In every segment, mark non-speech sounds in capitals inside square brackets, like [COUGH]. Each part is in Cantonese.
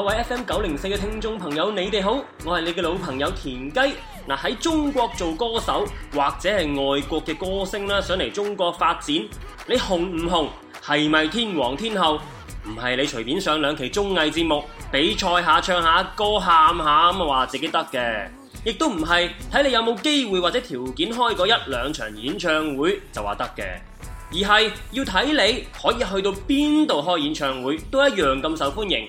各位 FM 九零四嘅聽眾朋友，你哋好，我係你嘅老朋友田雞。嗱、啊，喺中國做歌手或者係外國嘅歌星啦，上嚟中國發展，你紅唔紅係咪天王天后？唔係你隨便上兩期綜藝節目比賽下唱下歌喊下咁話自己得嘅，亦都唔係睇你有冇機會或者條件開過一兩場演唱會就話得嘅，而係要睇你可以去到邊度開演唱會都一樣咁受歡迎。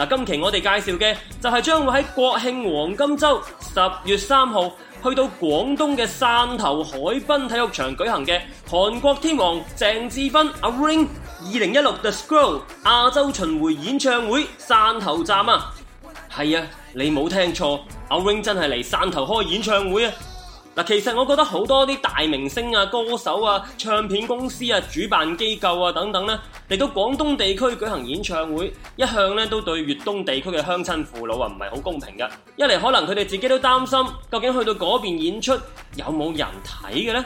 嗱，今期我哋介紹嘅就係將會喺國慶黃金周十月三號去到廣東嘅汕頭海濱體育場舉行嘅韓國天王鄭智薰阿 Ring 二零一六 The Scroll 亞洲巡迴演唱會汕頭站啊，係啊，你冇聽錯，阿 Ring 真係嚟汕頭開演唱會啊！其實我覺得好多啲大明星啊、歌手啊、唱片公司啊、主辦機構啊等等呢，嚟到廣東地區舉行演唱會，一向呢都對粵東地區嘅鄉親父老啊唔係好公平嘅。一嚟可能佢哋自己都擔心，究竟去到嗰邊演出有冇人睇嘅呢？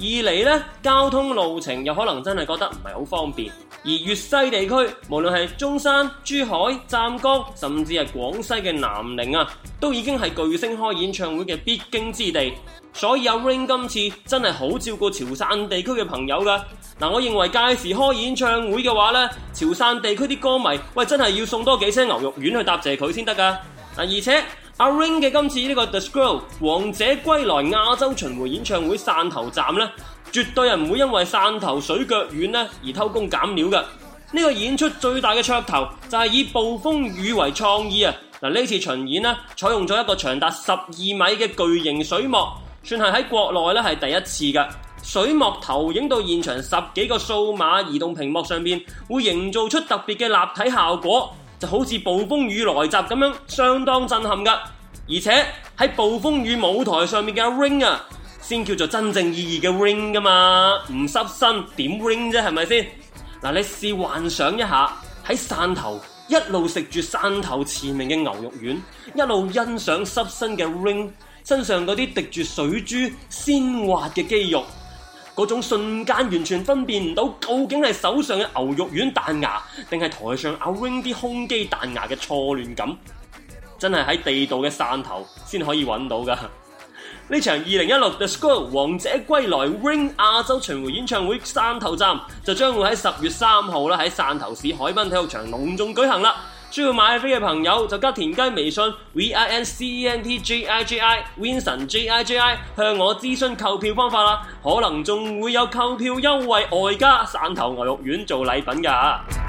二嚟咧，交通路程又可能真係覺得唔係好方便。而粵西地區，無論係中山、珠海、湛江，甚至係廣西嘅南寧啊，都已經係巨星開演唱會嘅必經之地。所以阿、啊、Ring 今次真係好照顧潮汕地區嘅朋友噶、啊。我認為屆時開演唱會嘅話咧，潮汕地區啲歌迷喂真係要送多幾箱牛肉丸去答謝佢先得噶。而且。阿 Ring 嘅，今次呢個 The Scroll 王者歸來亞洲巡迴演唱會汕頭站咧，絕對係唔會因為汕頭水腳遠咧而偷工減料嘅。呢、這個演出最大嘅噱頭就係、是、以暴風雨為創意啊！嗱，呢次巡演呢，採用咗一個長達十二米嘅巨型水幕，算係喺國內咧係第一次嘅。水幕投影到現場十幾個數碼移動屏幕上面，會營造出特別嘅立體效果。就好似暴風雨來襲咁樣，相當震撼噶。而且喺暴風雨舞台上面嘅 Ring 啊，先叫做真正意義嘅 Ring 噶嘛，唔濕身點 Ring 啫，係咪先？嗱，你試幻想一下，喺汕頭一路食住汕頭馳名嘅牛肉丸，一路欣賞濕身嘅 Ring 身上嗰啲滴住水珠鮮滑嘅肌肉。嗰種瞬間完全分辨唔到，究竟係手上嘅牛肉丸彈牙，定係台上阿 Wing 啲胸肌彈牙嘅錯亂感，真係喺地道嘅汕頭先可以揾到噶。呢 [LAUGHS] 場二零一六 The Score 王者歸來 Ring 亞洲巡回演唱會汕頭站就將會喺十月三號啦，喺汕頭市海濱體育場隆重舉行啦。需要買飛嘅朋友就加田雞微信 v i n c e n t j i j i winson j i j i 向我諮詢購票方法啦，可能仲會有購票優惠，外加汕頭牛肉丸做禮品㗎。